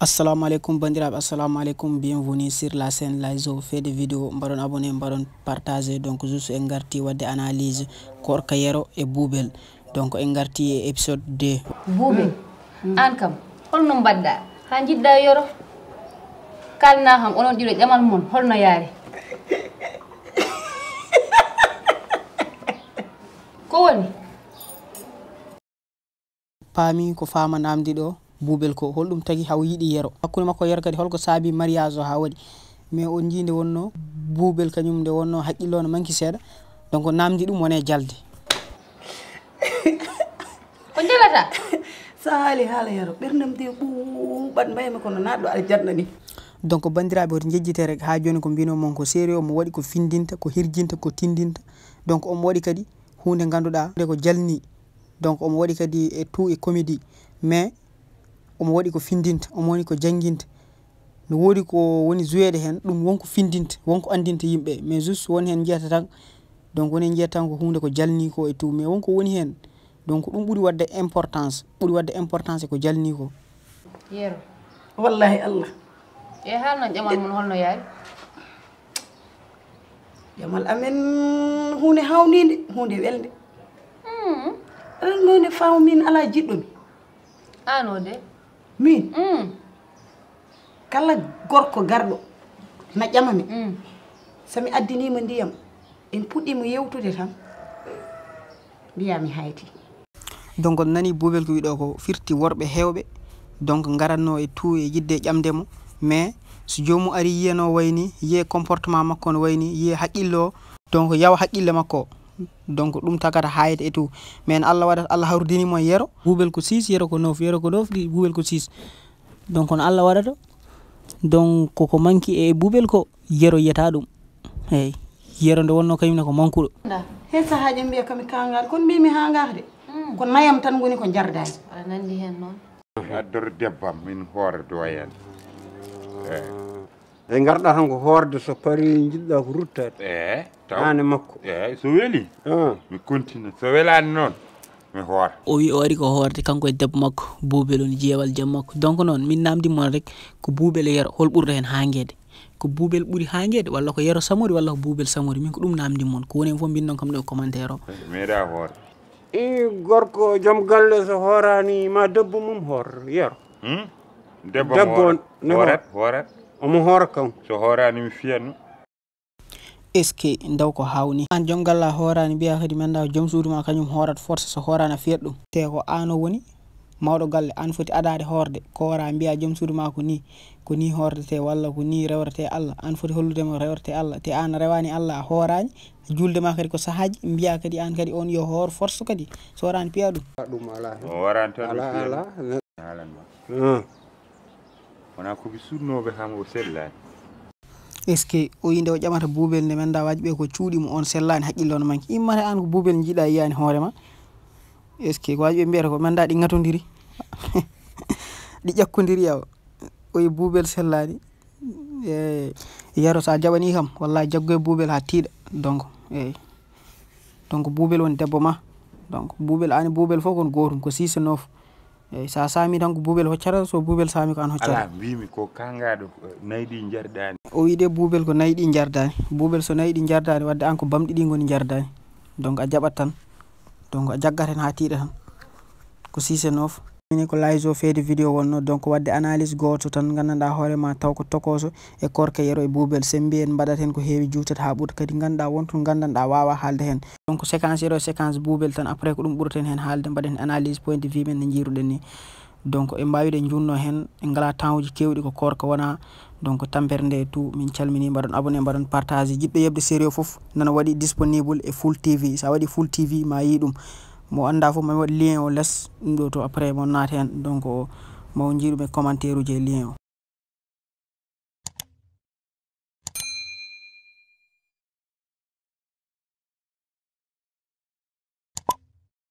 assalamu aleykum bandiraɓe assalamu aleykum bienvenu sur la scène laiso feede vidéo mbaɗon abonné mbaɗon partagé donc juste en garti wadde analyse korka yero e buubel donc en garti e épisode d buubel an kam holno mbaɗɗa ha jiɗɗa yoro kalna kam onon ɗiɗo ƴamal moon holno yaari ko woni paami ko famanamdi ɗo buɓel ko holɗum tagi haw yiɗi yero hakkude makko yero kadi holko saabi mariage o ha waɗi mais on jinde wonno buɓel kañum nde wonno haqqillo no manki seeɗa donc namdi ɗum wone jalde ko jalata sa haali haala yero ɓernam de ɓuɓat mbayimi kono naɗɗo aɗa jatnani donc bandiraɓe oto jejjitere ha joni ko mbino mon ko série omo waɗi ko findinta ko hirjinta ko tindinta donc omo waɗi kadi hunde ganduɗa nde ko jalni donc omo waɗi kadi e tout e comédie mais omo waɗi ko findinta omo woni ko jannginta no woodi ko woni joueede heen ɗum wonko findinta wonko anndinta yimɓe mais juste woni heen njiyata tan donc woni njiyata tan ko hunde ko jalnii ko e tuu mais wonko woni heen donc ɗum ɓuri wadde importance ɓuri wadde importance ko jalnii ko yeero wallahi allah eyi haal noon jamal mon holno yaari jamal amen hunde hawniinde hunde welnde hmm. ɗan noo nde faw min alaa jiɗɗo mi aanoo dee min mm. kala gorko garɗo na ƴamami mm. so mi addinimo ndiyam en puɗɗimo yewtude tan mbiyami hayti donc on nani bubel ko wiɗo ko firti worɓe hewɓe donc garatno e tout e yidde ƴamdemo mais so jomum ari yiyano wayni yiye comportement makko no wayni yiye haqqille o donc yawa haqqille makko o donc ɗum tagata hayde e tout mais allah waɗata allah hawridinimo e yero buubel ko 6 yero ko 9 yero ko 9 ɗi buubel ko 6 donc kono allah waɗata donc koko manki e buubel ko yero yiyata ɗum eyyi yero nde wonno kañumne ko mankuɗo hen sahaji mbiya komi kangaade kono mbimi ha gahde hmm. ko nayam tan woni ko jardani aɗa nandi hen noon addor debbam min hoore doyani eyyi e garɗa tan ko hoorde so paari jiɗɗa ko ruttade e tane makko e so weeli mi continue so welani noon mi hoora o wi o ari ko hoorde kanko e debbo makko buubel woni jeewal jam makko donc noon min namdimon rek ko buubel e yero hol ɓurɗo hen hanguede ko buubel ɓuuri hanguede walla ko yero samori walla ko buubel samori min ko ɗum namdimon ko woni hen fof mbinnon kam ɗo e commentaire o meeɗa hoore i gorko joom galle so hoorani ma debbo mum hoor yero hmm? debbo debbo horat horat omo hoore kam so hoorani mi fiyatno est ce que ndaw ko hawni an joom galla hoorani mbiya kadi menda joom suudu ma kañum hoorat force so hoorani a fiyat ɗum te ko ano woni mawɗo galle an foti adade hoorde ko wora mbiya joom suudu ma ko ni ko ni hoordete walla ko ni rewrete allah an foti holludema rewrete allah te an rewani allah a hoorani juldema kadi ko sahaji mbiya kadi an kadi on yo hoor force kadi so worani piya ɗum ɗum ala ala ala wona hamo sellani est ce que o yinde o ƴamata buubel nde menda waji ɓe ko cuuɗi mo on sellani haqqille on manki immata an ko buubel jiiɗa yiyani hoore ma que ko waji ɓe mbiyata ko menda ɗi gatodiri ɗi ƴakkodiri yaw oye buubel sellani eyi yaro sa jaɓani kam wallahi jaggoye buubel ha tiiɗa donc eyi donc buubel woni debbo ma donc buubel ani buubel fof kon gotum ko 6 9 eyyi eh, sa saami tan ko buubel hoccata so buubel saami ko an hoccata ala mbimi ko kangaɗo nayi ɗi jardani o wiide buubel ko nayi ɗi jardani buubel so nayi ɗi jardani wadde an ko bamɗiɗi goni jardani donc a jaɓat tan donc a jaggat hen ha tiiɗa tan ko 6 e 9 mini ko layso feede vidéo wonno donc wadde analyse goto tan gandanɗa hoorema taw ko tokoso e korka yero e buubel sen mbi en mbaɗat hen ko heewi juutat ha ɓuura kadi ganduɗa wonto gandanɗa wawa haalde hen donc séquence yero e séquence buubel tan après ko ɗum ɓuuraten hen haalde mbaɗen analyse point de vue men no jiruɗen ni donc e mbawiɗen junno hen e ngala temps uji kewɗi ko korka wona donc tampere nde e tout min calmini mbaɗon abonné mbaɗon partage jiɗɗo yebde série o foof nana waɗi disponible e full tv sa waɗi full tv ma yi ɗum mo anda fo mo lien o less ɗum ɗo to après mo naati hen donc mo jiiɗumi commentaire uji e lien o